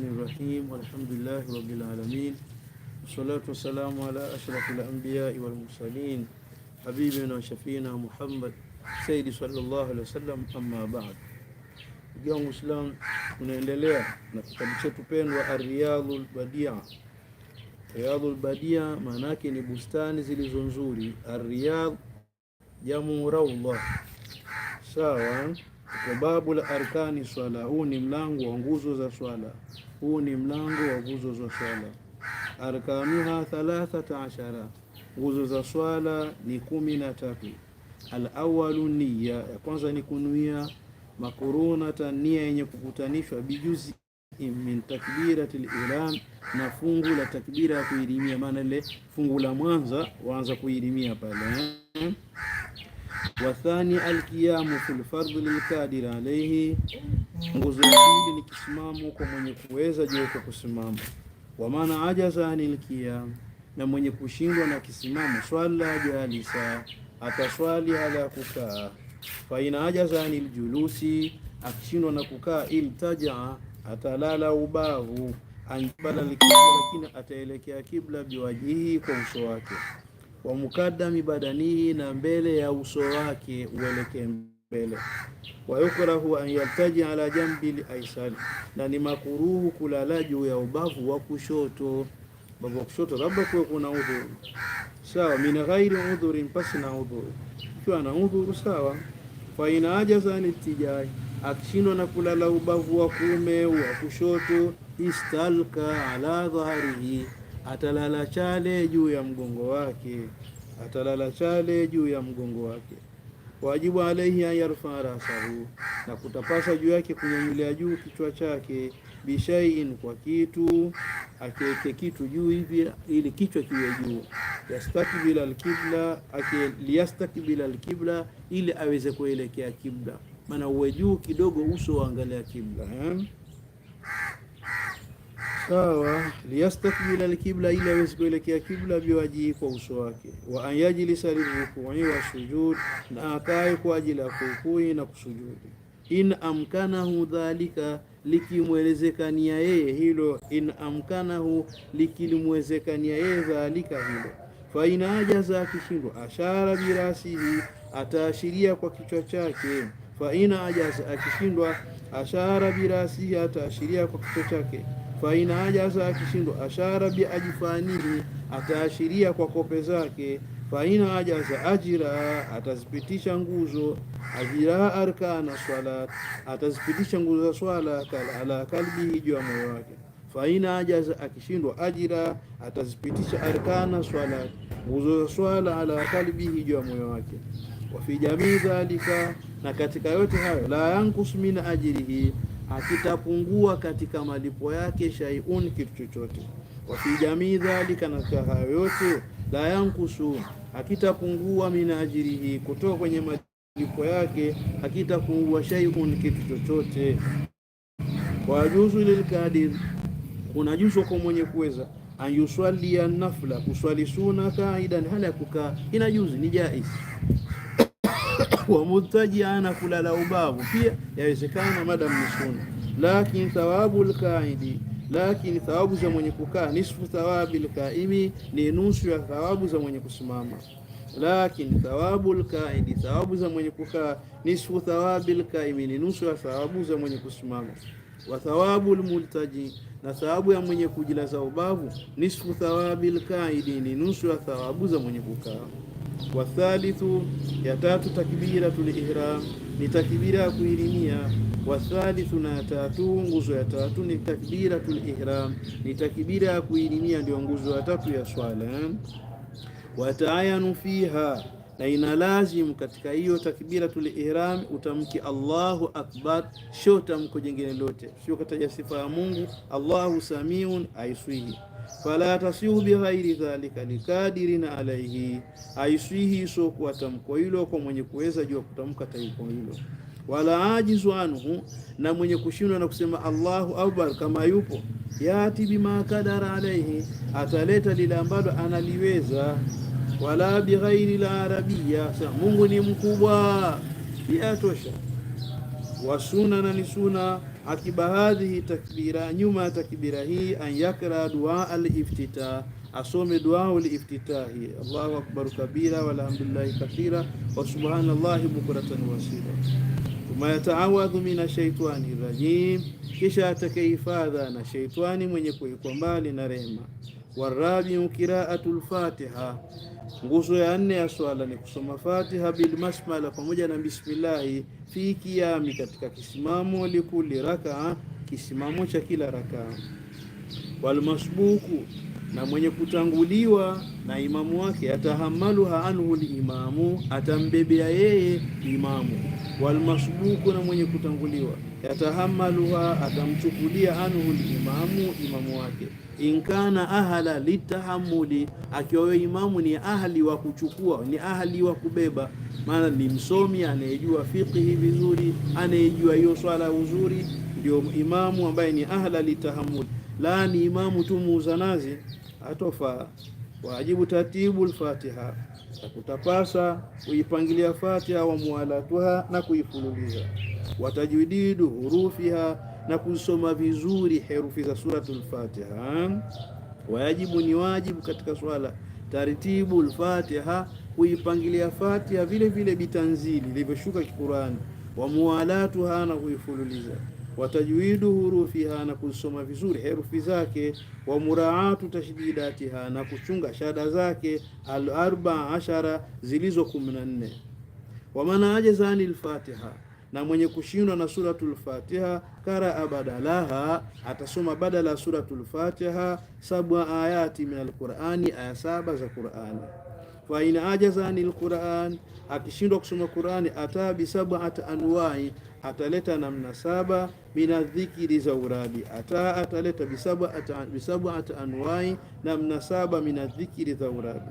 الرحمن الرحيم والحمد لله رب العالمين والصلاة والسلام على أشرف الأنبياء والمرسلين حبيبنا وشفينا محمد سيد صلى الله عليه وسلم أما بعد اليوم مسلم unaendelea na نتكلم chetu pendwa Ar-Riyadhu al-Badi'a. الرياض al-Badi'a maana yake ni bustani zilizo nzuri. Kwa babu la arkani swala, huu ni mlango wa nguzo za swala, huu ni mlango wa nguzo za swala. Arkanuha thalathata ashara, nguzo za swala ni kumi na tatu. Alawalu niya, ya kwanza ni kunuia. Makurunata, nia yenye kukutanishwa. Bijuzi min takbirati lilam, na fungu la takbira ya kuidimia. Maana ile fungu la mwanza waanza kuidimia pale eh? wathani alqiyamu fil fardhi lilqadiri alayhi, nguzo ya pili ni kisimamo kwa mwenye kuweza juu kwa kusimama. Wa maana ajaza anil qiyam, na mwenye kushindwa na kisimamo, swala jalisa, ataswali ala kukaa. Fa ina ajaza anil julusi, akishindwa na kukaa, imtajaa, atalala ubavu, anjibala lakini ataelekea kibla biwajihi, kwa uso wake wa mukaddami badanihi, na mbele ya uso wake uelekee mbele. Wa yukrahu an yaltaji ala jambi al-aysari, na ni makuruhu kulala juu ya ubavu wa kushoto. Ubavu wa kushoto labda kuwe kuna udhuru, sawa. Min ghairi udhurin, pasi na udhuru. Kiwa na udhuru, sawa. Fa ina ajaza an itijai, akishindwa na kulala ubavu wa kuume wa kushoto, istalka ala dhahrihi atalala chale juu ya mgongo wake, atalala chale juu ya mgongo wake. Wajibu alaihi an yarfa rasahu, na kutapasa juu yake kunyanyulia juu kichwa chake, bishaiin, kwa kitu, akiweke kitu juu hivi ili kichwa kiwe juu. Yastakbila alqibla, liyastakbila alqibla, ili aweze kuelekea kibla, maana uwe juu kidogo, uso waangalia kibla eh? sawa liyastakbila alqibla, ili aweze kuelekea kibla, biwaji kwa uso wake, wa an yajlisa lirukui wa sujud, na akae kwa ajili ya rukui na kusujudi. In amkanahu dhalika, likimwelezekania yeye hilo. In amkanahu, likilimwezekania yeye dhalika, hilo. Fa ina ajaza, akishindwa, ashara birasihi, ataashiria kwa kichwa chake. Fa ina ajaza, akishindwa, ashara birasihi, ataashiria kwa kichwa chake faina ajaza, akishindwa, ashara bi ajfanihi, ataashiria kwa kope zake. Faina ajaza ajira, atazipitisha nguzo. Ajira arkana swala, atazipitisha nguzo za swala. Ala kalbihi, juu ya moyo wake. Faina ajaza, akishindwa, ajira, atazipitisha arkana swala nguzo za swala. Ala kalbihi, juu ya moyo wake. Wa fi jamii dhalika, na katika yote hayo, la yankus min ajrihi hakitapungua katika malipo yake shaiun kitu chochote. Wafi jamii dhalika, na katika hayo yote, la yankusu, hakitapungua mina ajirihi, kutoka kwenye malipo yake hakitapungua shaiun kitu chochote. Wajuzu lilkadir, kunajuzwa kwa mwenye kuweza an yuswali nafla, kuswali suna kaidan, hali ya kukaa inajuzi, ni jais kuwa mutaji ana kulala ubavu pia yawezekana, madam ni sunna. Lakini thawabu lkaidi, lakini thawabu za mwenye kukaa, nisfu thawabi lkaimi, ni nusu ya thawabu za mwenye kusimama. Lakini thawabu lkaidi, thawabu za mwenye kukaa, nisfu thawabi lkaimi, ni nusu ya thawabu za mwenye kusimama. Wa thawabu lmultaji, na thawabu ya mwenye kujilaza ubavu, nisfu thawabi lkaidi, ni nusu ya thawabu za mwenye kukaa wa thalithu, ya tatu takbiratul ihram ni takbira ya kuhirimia. Wa thalithu, na tatu, nguzo ya tatu ni takbiratul ihram, ni takbira ya kuhirimia, ndio nguzo ya tatu ya swala. taayanu fiha na ina lazim katika hiyo takbiratul ihram utamki Allahu akbar, sio tamko jingine lote, sio kataja sifa ya Mungu. Allahu samiun aiswihi fala tasihu bighairi dhalika likadirin alaihi, aiswihi isokuwa tamko hilo kwa mwenye kuweza juu ya kutamka tamko hilo. Wala ajizu anhu, na mwenye kushindwa na kusema Allahu akbar, kama yupo yati bima kadara alaihi, ataleta lile ambalo analiweza. Wala bighairi la arabia, Mungu ni mkubwa, yatosha. Wasuna na ni sunna akiba hadhihi takbira, nyuma ya takbira hii, an yakra dua aliftitah, asome duau liiftitahi. Allahu akbar kabira walhamdulillahi kathira wa subhanallahi bukratan wasira. Thumma yataawadhu min ashaitani rajim, kisha atakayehifadha na shaitani mwenye kuikwa mbali na rehema. Warabiu qiraatul fatiha Nguzo ya nne ya swala ni kusoma Fatiha bil basmala pamoja na bismillahi fi kiami, katika kisimamo, likuli rakaa, kisimamo cha kila rakaa, wal masbuku na mwenye kutanguliwa na imamu wake atahamaluha anhu limamu, atambebea yeye imamu. Walmasbuku, na mwenye kutanguliwa yatahamaluha, atamchukulia anhu limamu, imamu wake. Inkana ahala litahamuli, akiwa wewe imamu ni ahli wa kuchukua, ni ahli wa kubeba. Maana ni msomi anayejua fiqhi vizuri, anayejua hiyo swala uzuri, ndio imamu ambaye ni ahla litahamuli, la ni imamu tu muuza nazi atofaa wajibu tatibu al-Fatiha, na kutapasa kuipangilia Fatiha wa mualatuha na kuifululiza, watajwididu hurufiha, na kusoma vizuri herufi za suratul Fatiha. Wajibu ni wajibu katika swala tartibu al-Fatiha, kuipangilia Fatiha vile vile bitanzili ilivyoshuka kikurani, wa mualatuha na kuifululiza watajwidu hurufiha, na kuzisoma vizuri herufi zake, wa muraatu tashdidatiha, na kuchunga shada zake, al arba ashara zilizo kumi na nne wa manajezani lfatiha na mwenye kushindwa na suratul Fatiha, karaa badalaha, atasoma badala ya suratul Fatiha sabwa ayati min alqurani, aya saba za Qurani. Fa in ajaza anil Qur'an, akishindwa kusoma Qurani, atabi sab'at anwa'i ataleta namna saba mina dhikiri za uradi ata ataleta ata anwai namna saba mina dhikiri za urabi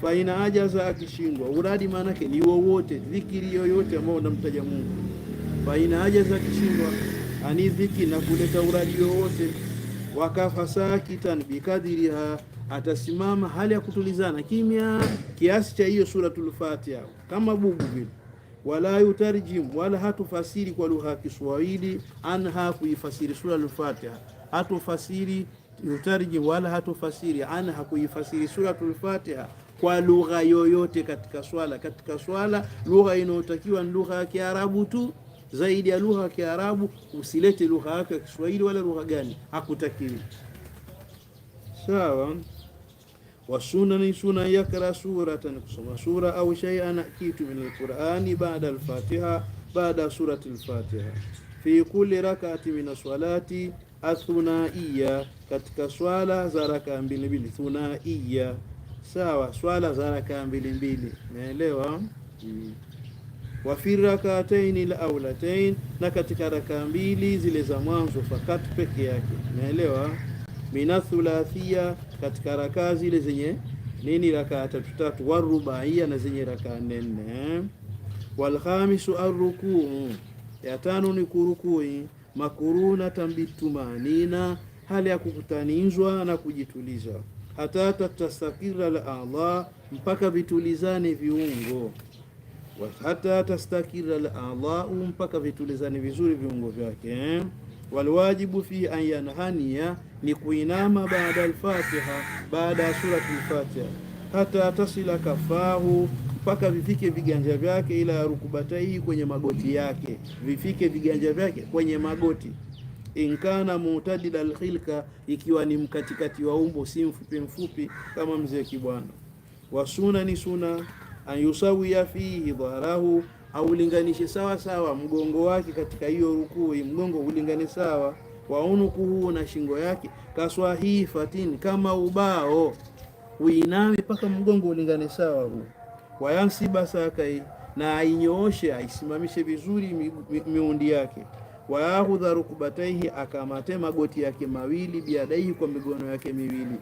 faina ajaza, akishindwa uradi maanake ni wowote dhikiri yoyote ambao unamtaja Mungu. Faina ajaza, akishindwa ani dhiki na kuleta uradi wowote, wakafa sakitan bikadiriha, atasimama hali ya kutulizana kimya kiasi cha hiyo Suratul Fatiha kama bubu vile wala yutarjim, wala hatufasiri kwa lugha ya Kiswahili anha, kuifasiri sura al-Fatiha, hatufasiri yutarjim, wala hatufasiri anha, kuifasiri sura al-Fatiha kwa lugha yoyote katika swala. Katika swala lugha inayotakiwa ni lugha ya Kiarabu tu. Zaidi ya lugha ya Kiarabu usilete lugha yako ya Kiswahili wala lugha gani, hakutakiwi. Sawa wa sunani suna yakra suratan, kusoma sura au shay'an kitu min alqurani ba'da alfatiha, ba'da surati alfatiha, fi kulli rak'ati min as-salati athunaiya, katika swala za rak'a mbili mbili, thunaiya sawa, swala za rak'a mbili mbili, naelewa mm. wa fi rak'atayn al-awlatain, na katika rak'a mbili zile za mwanzo, fakat peke yake, naelewa min thulathia katika rakaa zile zenye nini, rakaa tatu tatu, warubaia na zenye rakaa nne nne. Walkhamisu arrukuu, ya tano ni kurukui, makurunatan bitumanina, hali ya kukutanizwa na kujituliza, hata tastakira ladha, mpaka vitulizane viungo hata tastakira ladha, mpaka vitulizane vizuri viungo vyake Walwajibu fi an yanhaniya ni kuinama baada alfatiha, baada ya surati lfatiha, hata tasila kafahu, mpaka vifike viganja vyake, ila rukubataihi, kwenye magoti yake, vifike viganja vyake kwenye magoti. Inkana mutadida alkhilka, ikiwa ni mkatikati wa umbo, si mfupi mfupi kama mzee Kibwana. Wasuna ni suna an yusawiya fihi dharahu aulinganishe sawa sawa mgongo wake katika hiyo rukuu, mgongo ulingane sawa huo na shingo yake, fatini kama ubao, uinawe mpaka mgongo ulingane sawa huu. Wayansiba sakai, na ainyooshe aisimamishe vizuri miundi yake. Wayahudha rukbataihi, akamate magoti yake mawili, biadaihi, kwa migono yake miwili.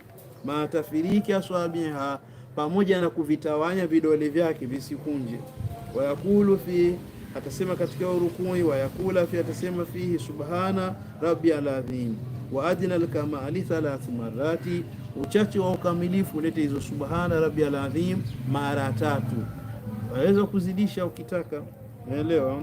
Matafiriki aswabiha, pamoja na kuvitawanya vidole vyake visikunje wayakulu fi atasema katika urukui, wayakula fi atasema fihi subhana rabbi aladhim wa adna alkamali thalath marati, uchache wa ukamilifu ulete hizo subhana rabbi aladhim mara tatu. Waweza kuzidisha ukitaka, unaelewa.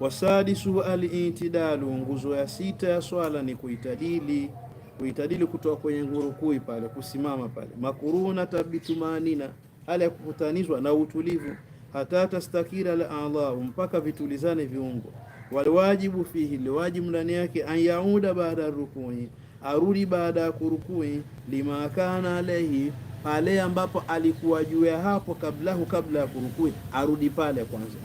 Wasadisu al-itidalu, nguzo ya sita ya swala ni kuitadili kuitadili kutoka kwenye ngurukui pale, kusimama pale, makuruna tabitumanina, hali ya kukutanizwa na utulivu hata tastakira la a'dha'u, mpaka vitulizane viungo. Walwajibu fihi, liwajibu ndani yake, an yauda baada rukui, arudi baada ya kurukui, lima kana alayhi, pale ambapo alikuwa juu ya hapo, kablahu, kabla ya kurukui, arudi pale kwanza,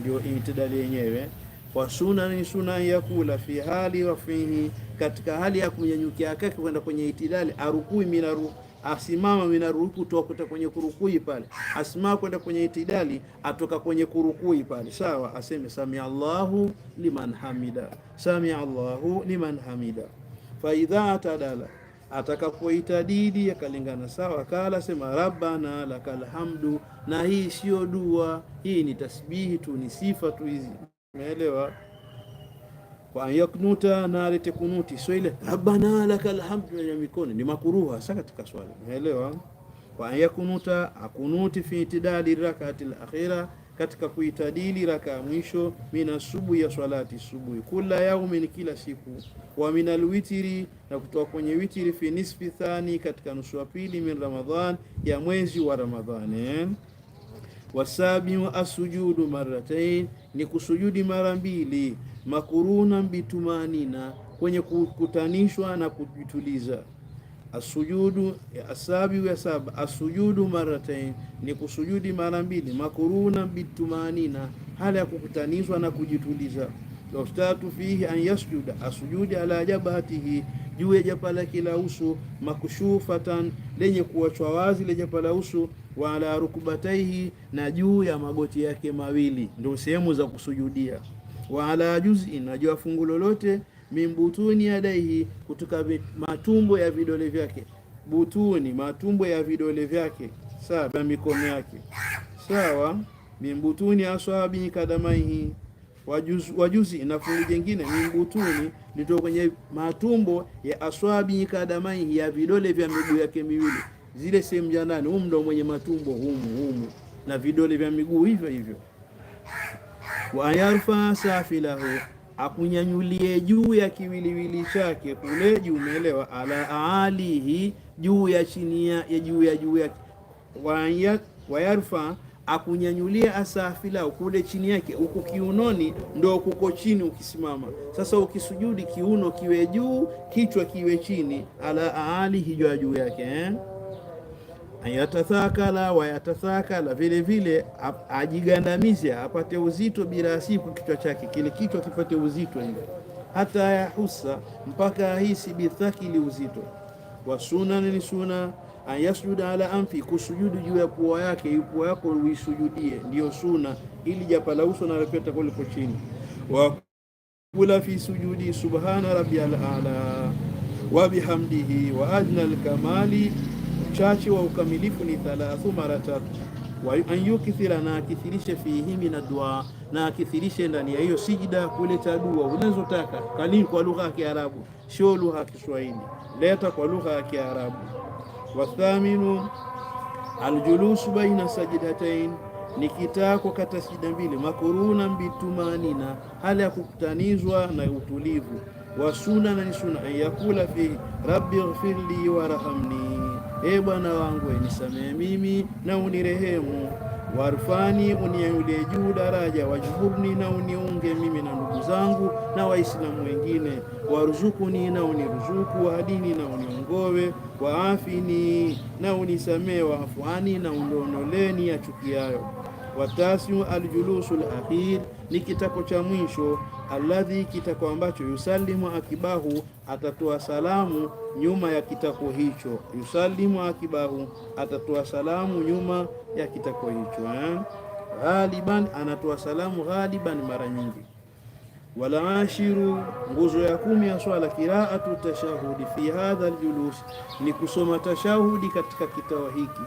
ndio itidali yenyewe kwa suna ni suna ya kula fi hali wa fihi, katika hali ya kunyanyukia kake kwenda kwenye itidali, arukui minaru asimama minaruku kutoka kwenye kurukui pale, asimama kwenda kwenye itidali, atoka kwenye kurukui pale, sawa, aseme sami Allahu liman hamida, sami Allahu liman hamida. Fa idha tadala atakapoitadidi yakalingana, sawa, kala sema rabbana lakal hamdu. Na hii sio dua, hii ni tasbihi tu, ni sifa tu hizi, umeelewa? kwa yaknuta na alete kunuti, sio ile rabbana lakal hamdu ya mikono ni makuruha. Sasa katika swali unaelewa, kwa yaknuta akunuti fi itidali rak'ati alakhira katika kuitadili raka mwisho, mina subuhi ya swalati subuhi, kula yaumin, kila siku, wa min alwitri, na kutoka kwenye witri, fi nisfi thani, katika nusu ya pili, min Ramadhan, ya mwezi wa Ramadhani eh? wasabiu asujudu marratain, ni kusujudi mara mbili, makuruna bitumanina, kwenye kukutanishwa na kujituliza. Asujudu asabiu ya saba, asujudu marratain, ni kusujudi mara mbili, makuruna bitumanina, hali ya kukutanishwa na kujituliza. Waftatu fihi an yasjuda, asujudi ala jabhatihi juu ya japa lake la uso, makushufatan lenye kuachwa wazi la japa la uso wala ala rukbataihi, na juu ya magoti yake mawili, ndio sehemu za kusujudia. Wala juzi, na juu ya fungu lolote min butuni yadaihi, kutoka matumbo ya vidole vyake. Butuni, matumbo ya vidole vyake, sawa ya mikono yake, sawa. Min butuni aswabi kadamaihi wajuzi na fungu jingine mimbutuni litoka kwenye matumbo ya aswabi kadamaihi, ya vidole vya miguu yake miwili zile sehemu za ndani, huu ndo mwenye matumbo humu humu, na vidole vya miguu hivyo hivyo. wa yarfa safilahu, akunyanyulie juu ya kiwiliwili chake kule juu, umeelewa? ala alihi, juu ya chini ya juu ya juu ya wa yarfa akunyanyulia asafila kule chini yake, huku kiunoni ndo kuko chini ukisimama. Sasa ukisujudi kiuno kiwe juu, kichwa kiwe chini, ala aalihi, juu juu yake eh? yatathakala wayatathakala, vile vile ajigandamize, apate uzito bila siku kichwa chake, kile kichwa kipate uzito hivi, hata yahusa, mpaka ahisi bithakili, uzito wa sunani. Ni suna ayasjuda ala anfi, kusujudu juu ya pua yake, pua yako uisujudie, ndio suna, ili japa la uso na kuliko chini. Wa kula fi sujudi subhana rabbiyal ala wa bihamdihi wa ajnal kamali uchache wa ukamilifu ni thalathu, mara tatu. Wa an yukthira, na akithirishe, fihi min dua, na akithirishe ndani ya hiyo sijida, kuleta dua unazotaka kali kwa lugha ya Kiarabu, sio lugha ya Kiswahili, leta kwa lugha ya Kiarabu. Wathaminu aljulusu baina sajdatain ni kwa kata sijida mbili, makuruna bitumanina, hali ya kukutanizwa na utulivu. Wa sunna, na ni sunna, an yakula fi rabbi ighfirli warhamni E Bwana wangu, nisamehe mimi na unirehemu, warfani uniude juu daraja, wajhurni na uniunge mimi na ndugu zangu na Waislamu wengine, waruzukuni na uniruzuku, wadini na uniongowe, waafini na unisamehe, waafuani na uniondoleni ya chukiayo. Watasiu aljulusul akhir, ni kitako cha mwisho alladhi kitako ambacho yusalimu akibahu atatoa salamu nyuma ya kitako hicho. Yusalimu akibahu atatoa salamu nyuma ya kitako hicho eh? Ghaliban anatoa salamu ghaliban, mara nyingi. Wala ashiru, nguzo ya kumi ya swala, qiraatu tashahudi fi hadha aljulus, ni kusoma tashahudi katika kitao hiki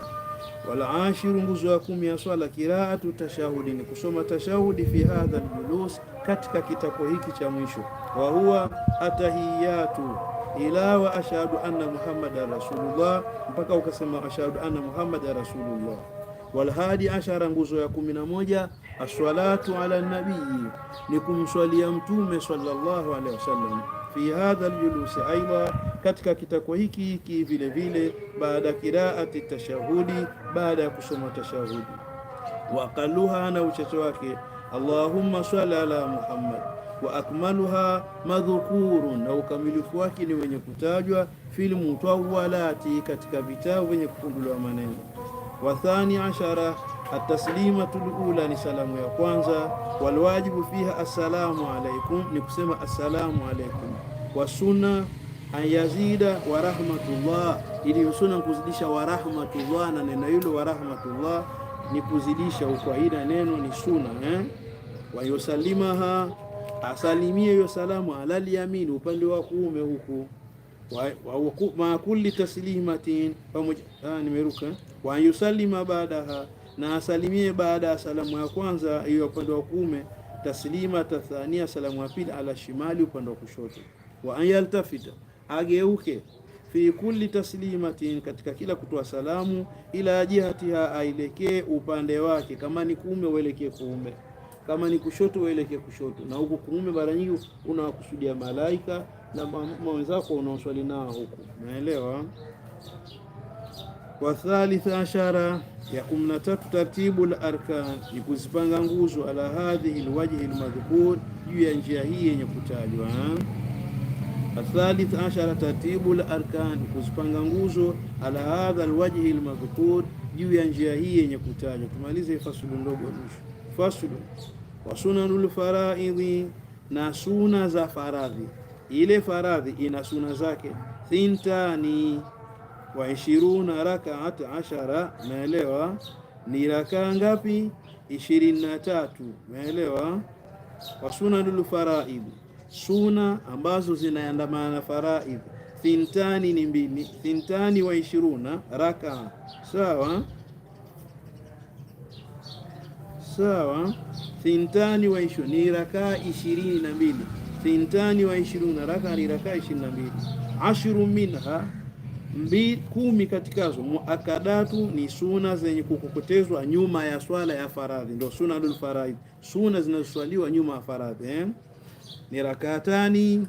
Wal ashiru, nguzo ya kumi ya swala, qiraatu tashahudi, ni kusoma tashahudi fi hadha aljulus, katika kitapo hiki cha mwisho. Wa huwa atahiyatu ila wa ashhadu anna muhammadan rasulullah, mpaka ukasema ashhadu anna muhammadan rasulullah. Wal hadi ashara, nguzo ya kumi na moja aswalatu ala nabii, ni kumswalia mtume sallallahu alaihi wasallam fi hadha ljulusi aidha katika kitako hiki hiki vile vile, baada kiraati tashahudi, baada ya kusoma tashahudi, waqaluha na uchache wake, Allahumma swalla ala Muhammad wa akmaluha madhukurun, na ukamilifu wake ni wenye kutajwa fil mutawalati, katika vitabu vyenye kufunguliwa maneno. Wa thani ashara ataslimatu lula, ni salamu ya kwanza. Walwajibu fiha assalamu alaikum, ni kusema assalamu alaikum. Wa sunna anyazida wa rahmatullah, ili usuna kuzidisha wa rahmatullah. Na neno hilo wa rahmatullah ni kuzidisha huko, neno ni suna eh? Wayusalimaha, asalimie hiyo salamu alal yamini, upande wa kuume huku ma kulli taslimatin pamoja, ah, nimeruka wa yusallima baadaha, na asalimie baada ya salamu ya kwanza hiyo upande wa kuume, taslima tathania, salamu ya pili, ala shimali, upande wa kushoto, wa an yaltafita ageuke fi kulli taslimatin, katika kila kutoa salamu, ila jihatiha, ailekee upande wake. Kama ni kuume uelekee kuume, kama ni kushoto uelekee kushoto. Na huku kuume mara nyingi unawakusudia malaika na wenzako unaoswali nao huku, naelewa Wa thalitha ashara, ya kumi na tatu, tartibu al arkan, ni kuzipanga nguzo, ala hadhihi lwajhi lmadhkur, juu ya njia hii yenye kutajwa Athalith ashara tartibu la kuzipanga nguzo ala hadha alwajhi almadhkur, juu ya njia hii yenye kutajwa. Tumalize fasulu ndogo mwisho. Fasulu wa sunanul faraidhi, na suna za faradhi. Ile faradhi ina suna zake thintani wa ishiruna rakaat ashara, meelewa Ni rakaa ngapi? ishirini na tatu, umeelewa? wa sunanul faraidhi suna ambazo zinaandamana na faraidhi thintani ni mbili, thintani wa ishiruna rakaa sawa sawa, thintani wa ishiruna ni rakaa ishirini na mbili. Thintani wa ishiruna rakaa ni rakaa ishirini na mbili. Ashru minha mbi, kumi katikazo muakadatu ni suna zenye kukokotezwa nyuma ya swala ya faradhi, ndio sunadul faradhi, suna zinazoswaliwa nyuma ya faradhi eh? ni rakaatani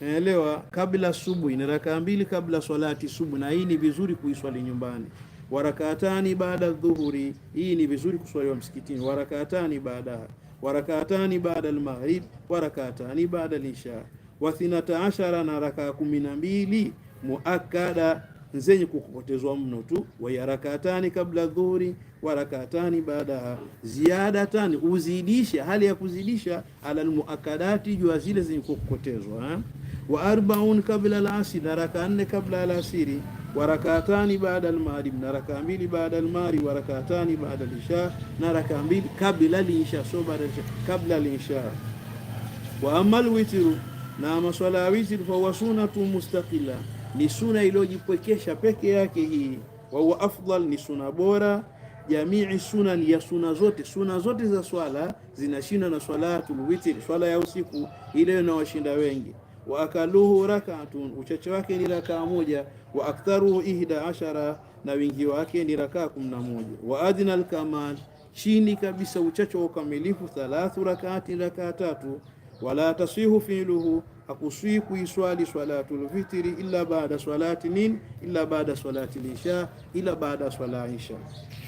naelewa, kabla subuhi ni rakaa mbili kabla salati subuhi, na hii ni vizuri kuiswali nyumbani. warakaatani baada dhuhuri, hii ni vizuri kuswaliwa msikitini. warakaatani baadaha, warakaatani baada almaghrib, warakaatani baada lisha, wa thinata ashara, na rakaa kumi na mbili muakada zenye kukokotezwa mno tu, wayarakatani kabla dhuhuri wa rakatani baada baadaha, ziadatani uzidisha, hali ya kuzidisha ala almuakadati, juu zile zenye kukokotezwa wa arbaun kabla alasi, na raka nne kabla alasiri wa rakatani baada almaghrib, na raka mbili baada almaghrib, wa rakatani baada alisha, na raka mbili kabla alisha, so baada alisha, kabla alisha. Wa amal witru, na maswala witru fa wasunatu mustaqila ni suna iliyojipwekesha peke yake hii, wa huwa afdal, ni suna bora jamii sunan, ya suna zote suna zote za swala zinashinda na swalatul witri, swala ya usiku ile inawashinda wengi. Wa akaluhu rak'atun, uchache wake ni rakaa moja. Wa aktharuhu ihda ashara, na wingi wake ni rakaa kumi na moja. Wa adna alkamal, chini kabisa uchache wa ukamilifu, thalathu rak'ati, rakaa tatu. Wala tasihu filuhu hakuswi kuiswali salatul fitri illa baada salati nin illa baada salati lisha illa baada swala isha.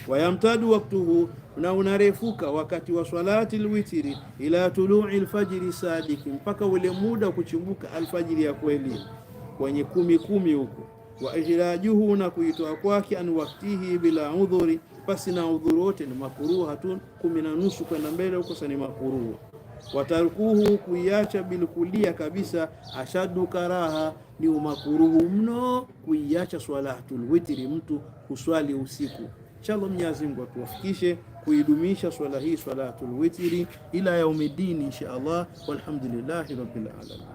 Wayamtadu waktuhu, na unarefuka wakati wa salati lwitri ila tului lfajiri sadiki, mpaka ule muda kuchimbuka alfajiri ya kweli kwenye kumi kumi huko. Wa ihrajuhu, na kuitoa kwake an waktihi bila udhuri, pasi na udhuru wote ni makuruhatun. Kumi na nusu kwenda mbele huko sani makuruha watarukuhu, kuiacha bilkulia kabisa, ashadu karaha, ni umakuruhu mno kuiacha swalatul witri, mtu kuswali usiku. Inshallah, Mwenyezi Mungu atuwafikishe kuidumisha swala hii swalatul witri ila yaumidini, insha Allah. Walhamdulillahi rabbil alamin.